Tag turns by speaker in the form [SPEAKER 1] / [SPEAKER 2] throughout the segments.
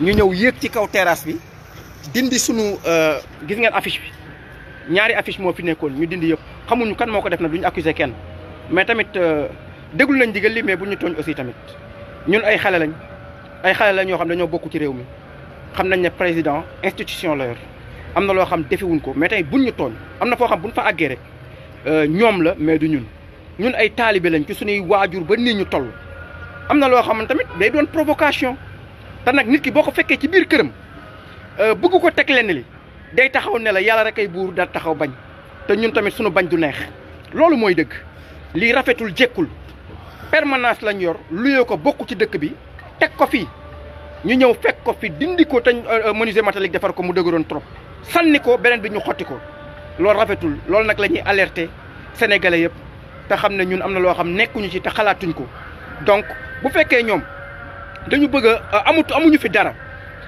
[SPEAKER 1] ñu sommes yéeg ci kaw terrasse bi dindi sunu euh, gis ngeen affiche bi affiche Nous fi nekkoon ñu dindi yëpp xamuñu kan Nous def na duñu accuser kenn mais Nous euh, avons nañ digal li mais nous ne aussi Nous ñun ay xale lañ Nous sommes lañ yoo xam Nous avons ci réew mi xam nañ ne président institution Nous yor am Nous ko mais tey Nous avons tooñ am Nous Nous xam buñ fa Nous euh, Nous la mais du ñun ñun ay Nous lañ ci suñuy provocation te nag nit ki boo ko fekkee ci biir euh bëgg ko tek lenn li day taxaw ne la yalla rek ay buur da taxaw bañ te ñun tamit suñu bañ du neex loolu moy dëgg li rafetul jekkul permanence lañ yor luyoo ko bokku ci dëkk bi tek ko fi ñu ñew fekk ko fi dindi ko te euh, menuisier métallique defar ko mu dëgëroon trop sànni ko beneen bi ñu xotti ko loolu rafetul loolu nak lañuy alerter sénégalais yépp te xamné ñun amna lo loo xam nekkuñu ci te xalaatuñ ko donc bu fekke ñom dañu bëgg a euh, amut amuñu fi dara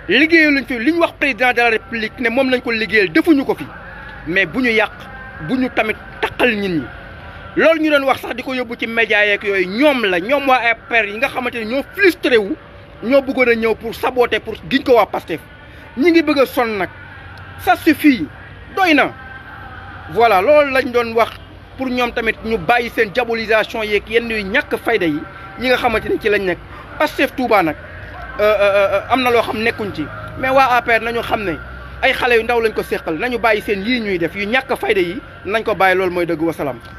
[SPEAKER 1] liggéeyal lañ fi liñ wax président de la république ne moom lañ ko liggéeyal defuñu ko fi mais bu ñu yàq bu ñu tamit taqal nit ñi. loolu ñu doon wax sax di ko yóbbu ci média yeeg yooyu ñoom la ñoom waa APR yi nga xamante ne ñoo frustré wu ñoo bëggoon a ñëw pour saboter pour giñ ko waa Pastef ñi ngi bëgg a sonn nag ça suffit doy na. voilà loolu lañ doon wax pour ñoom tamit ñu bàyyi seen diabolisation yeeg yenn yu ñàkk fayda yi yi nga xamante ne ci lañ nekk. pas chef Touba nak euh euh euh amna lo xam nekkuñ ci mais wa APR nañu xam ne ay xale yu ndaw lañ ko sékkal nañu bàyyi seen li ñuy def yu ñaka fayda yi nañ ko bàyyi lool moy deug wa salam